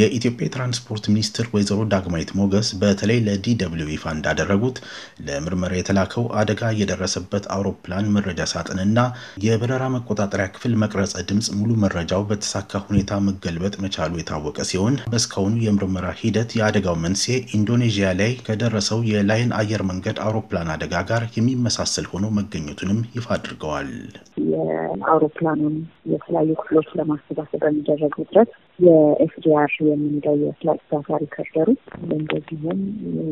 የኢትዮጵያ የትራንስፖርት ሚኒስትር ወይዘሮ ዳግማዊት ሞገስ በተለይ ለዲ ይፋ እንዳደረጉት ለምርመራ የተላከው አደጋ የደረሰበት አውሮፕላን መረጃ ሳጥንና የበረራ መቆጣጠሪያ ክፍል መቅረጸ ድምፅ ሙሉ መረጃው በተሳካ ሁኔታ መገልበጥ መቻሉ የታወቀ ሲሆን በእስካሁኑ የምርመራ ሂደት የአደጋው መንስኤ ኢንዶኔዥያ ላይ ከደረሰው የላይን አየር መንገድ አውሮፕላን አደጋ ጋር የሚመሳሰል ሆኖ መገኘቱንም ይፋ አድርገዋል። የአውሮፕላኑን የተለያዩ ክፍሎች ለማሰባሰብ በሚደረገው ጥረት የኤፍዲአር የምንለው የፍላጭ ሳፋሪ ከርደሩ እንደዚሁም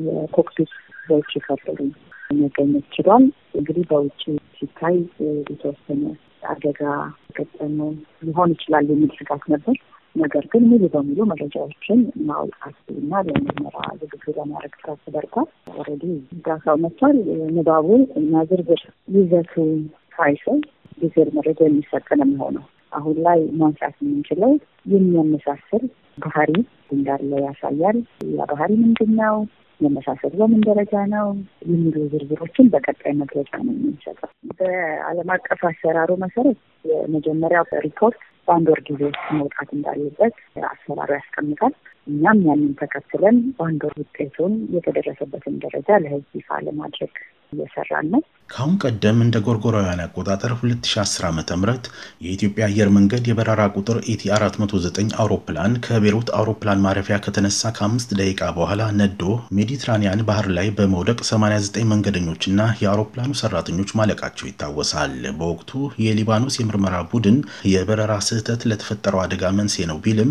የኮክፒት በውጭ ከርደሩ መገኘት ችሏል። እንግዲህ በውጭ ሲታይ የተወሰነ አደጋ ገጠመ ሊሆን ይችላል የሚል ስጋት ነበር። ነገር ግን ሙሉ በሙሉ መረጃዎችን ማውጣት እና ለምርመራ ዝግጁ ለማድረግ ስራ ተደርጓል። ኦልሬዲ ዳሳው መጥቷል። ንባቡ እና ዝርዝር ይዘቱ ሳይሰይ ዝርዝር መረጃ የሚሰጥ ነው የሚሆነው። አሁን ላይ ማንሳት የምንችለው የሚያመሳስል ባህሪ እንዳለ ያሳያል። ያ ባህሪ ምንድን ነው? የመሳሰል በምን ደረጃ ነው የሚሉ ዝርዝሮችን በቀጣይ መግለጫ ነው የምንሰጠው። በዓለም አቀፍ አሰራሩ መሰረት የመጀመሪያው ሪፖርት በአንድ ወር ጊዜ ውስጥ መውጣት እንዳለበት አሰራሩ ያስቀምጣል። እኛም ያንን ተከትለን በአንድ ወር ውጤቱን የተደረሰበትን ደረጃ ለሕዝብ ይፋ ለማድረግ እየሰራን ነው። ከአሁን ቀደም እንደ ጎርጎራውያን አቆጣጠር 2010 ዓ ም የኢትዮጵያ አየር መንገድ የበረራ ቁጥር ኢቲ 409 አውሮፕላን ከቤሩት አውሮፕላን ማረፊያ ከተነሳ ከአምስት ደቂቃ በኋላ ነዶ ሜዲትራኒያን ባህር ላይ በመውደቅ 89 መንገደኞችና የአውሮፕላኑ ሰራተኞች ማለቃቸው ይታወሳል። በወቅቱ የሊባኖስ የምርመራ ቡድን የበረራ ስህተት ለተፈጠረው አደጋ መንስኤ ነው ቢልም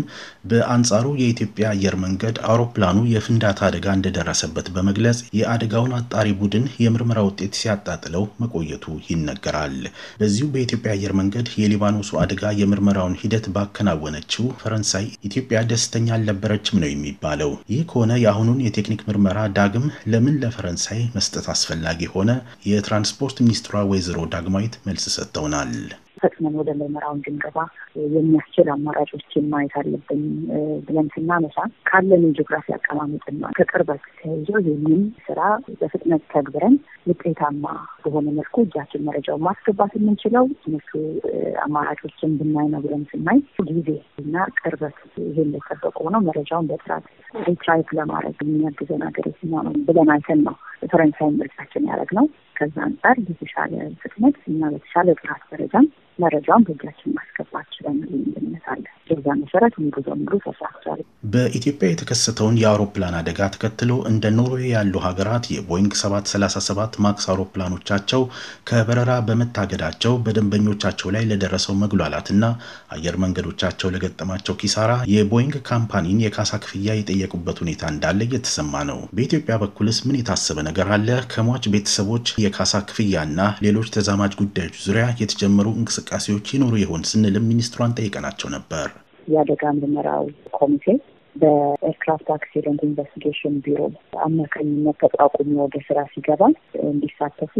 በአንጻሩ የኢትዮጵያ አየር መንገድ አውሮፕላኑ የፍንዳታ አደጋ እንደደረሰበት በመግለጽ የአደጋውን አጣሪ ቡድን የምርመራ የምርመራ ውጤት ሲያጣጥለው መቆየቱ ይነገራል። በዚሁ በኢትዮጵያ አየር መንገድ የሊባኖሱ አደጋ የምርመራውን ሂደት ባከናወነችው ፈረንሳይ ኢትዮጵያ ደስተኛ አልነበረችም ነው የሚባለው። ይህ ከሆነ የአሁኑን የቴክኒክ ምርመራ ዳግም ለምን ለፈረንሳይ መስጠት አስፈላጊ ሆነ? የትራንስፖርት ሚኒስትሯ ወይዘሮ ዳግማዊት መልስ ሰጥተውናል። ፈጥነን ወደ ምርመራው እንድንገባ የሚያስችል አማራጮችን ማየት አለብን ብለን ስናነሳ ካለን የጂኦግራፊ አቀማመጥና ከቅርበት ተያይዞ ይህንን ስራ በፍጥነት ተግብረን ውጤታማ በሆነ መልኩ እጃችን መረጃው ማስገባት የምንችለው እነሱ አማራጮችን ብናይ ነው ብለን ስናይ ጊዜ እና ቅርበት ይህን የጠበቁ ነው መረጃውን በጥራት ሪትራይቭ ለማድረግ የሚያግዘን ሀገር የትኛው ነው ብለን አይተን ነው በፈረንሳይ መልሳችን ያደረግ ነው። ከዛ አንጻር የተሻለ ፍጥነት እና በተሻለ ጥራት ደረጃም መረጃውን በእጃችን ማስገባት ችለናል። በዛ መሰረት ሙሉ በሙሉ ተሳክቷል። በኢትዮጵያ የተከሰተውን የአውሮፕላን አደጋ ተከትሎ እንደ ኖርዌ ያሉ ሀገራት የቦይንግ 737 ማክስ አውሮፕላኖቻቸው ከበረራ በመታገዳቸው በደንበኞቻቸው ላይ ለደረሰው መጉላላትና አየር መንገዶቻቸው ለገጠማቸው ኪሳራ የቦይንግ ካምፓኒን የካሳ ክፍያ የጠየቁበት ሁኔታ እንዳለ እየተሰማ ነው። በኢትዮጵያ በኩልስ ምን የታሰበ ነገር አለ? ከሟች ቤተሰቦች የካሳ ክፍያና ሌሎች ተዛማጅ ጉዳዮች ዙሪያ የተጀመሩ እንቅስቃሴዎች ይኖሩ ይሆን ስንልም ሚኒስትሯን ጠይቀናቸው ነበር። የአደጋ ምርመራው ኮሚቴ በኤርክራፍት አክሲደንት ኢንቨስቲጌሽን ቢሮ አማካኝነት ተቋቁሞ ወደ ስራ ሲገባ እንዲሳተፉ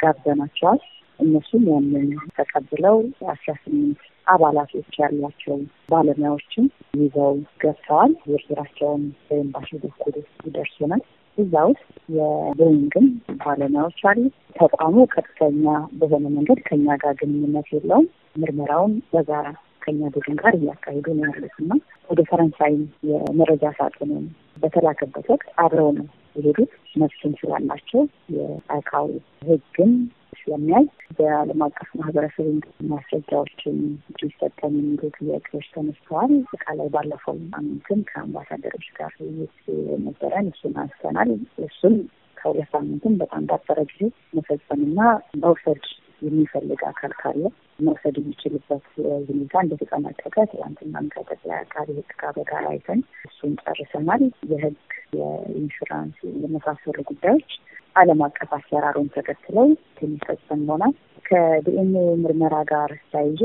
ጋብዘናቸዋል። እነሱም ያንን ተቀብለው አስራ ስምንት አባላቶች ያሏቸው ባለሙያዎችን ይዘው ገብተዋል። ዝርዝራቸውን በኤምባሲ በኩል ይደርሱናል። እዛ ውስጥ የቦይንግም ባለሙያዎች አሉ። ተቋሙ ቀጥተኛ በሆነ መንገድ ከኛ ጋር ግንኙነት የለውም። ምርመራውን በጋራ ከኛ ቡድን ጋር እያካሄዱ ነው ያሉት እና ወደ ፈረንሳይም የመረጃ ሳጥንን በተላከበት ወቅት አብረው ነው የሄዱት። መብቱን ስላላቸው የአካው ህግን ስለሚያይ በዓለም አቀፍ ማህበረሰብ ማስረጃዎችን እንዲሰጠን የሚሉ ጥያቄዎች ተነስተዋል። እቃ ላይ ባለፈው ሳምንትም ከአምባሳደሮች ጋር ውይይት ነበረን። እሱን አንስተናል። እሱም ከሁለት ሳምንትም በጣም ባጠረ ጊዜ መፈጸምና መውሰድ የሚፈልግ አካል ካለ መውሰድ የሚችልበት ሁኔታ እንደተጠናቀቀ ትላንትና ከጠቅላይ አቃቤ ሕግ ጋር በጋራ አይተን እሱን ጨርሰናል። የህግ የኢንሹራንስ የመሳሰሉ ጉዳዮች ዓለም አቀፍ አሰራሩን ተከትለው ትንሽ ፈጽም ከዲኤንኤ ምርመራ ጋር ተያይዞ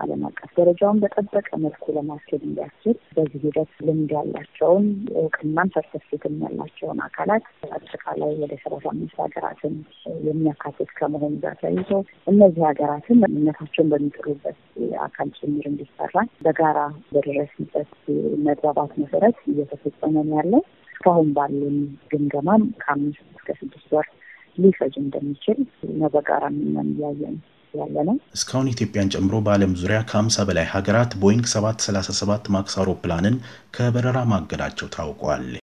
ዓለም አቀፍ ደረጃውን በጠበቀ መልኩ ለማስኬድ እንዲያስችል በዚህ ሂደት ልምድ ያላቸውን እውቅናም ሰርተፊኬትም ያላቸውን አካላት አጠቃላይ ወደ ሰላሳ አምስት ሀገራትን የሚያካትት ከመሆኑ ጋር ተያይዞ እነዚህ ሀገራትን እምነታቸውን በሚጥሩበት አካል ጭምር እንዲሰራ በጋራ በደረስንበት መግባባት መሰረት እየተፈጸመ ያለው። እስካሁን ባለን ግምገማም ከአምስት እስከ ስድስት ወር ሊፈጅ እንደሚችል ነው በጋራ እያየን ያለ ነው። እስካሁን ኢትዮጵያን ጨምሮ በዓለም ዙሪያ ከ ከሀምሳ በላይ ሀገራት ቦይንግ 737 ማክስ አውሮፕላንን ከበረራ ማገዳቸው ታውቋል።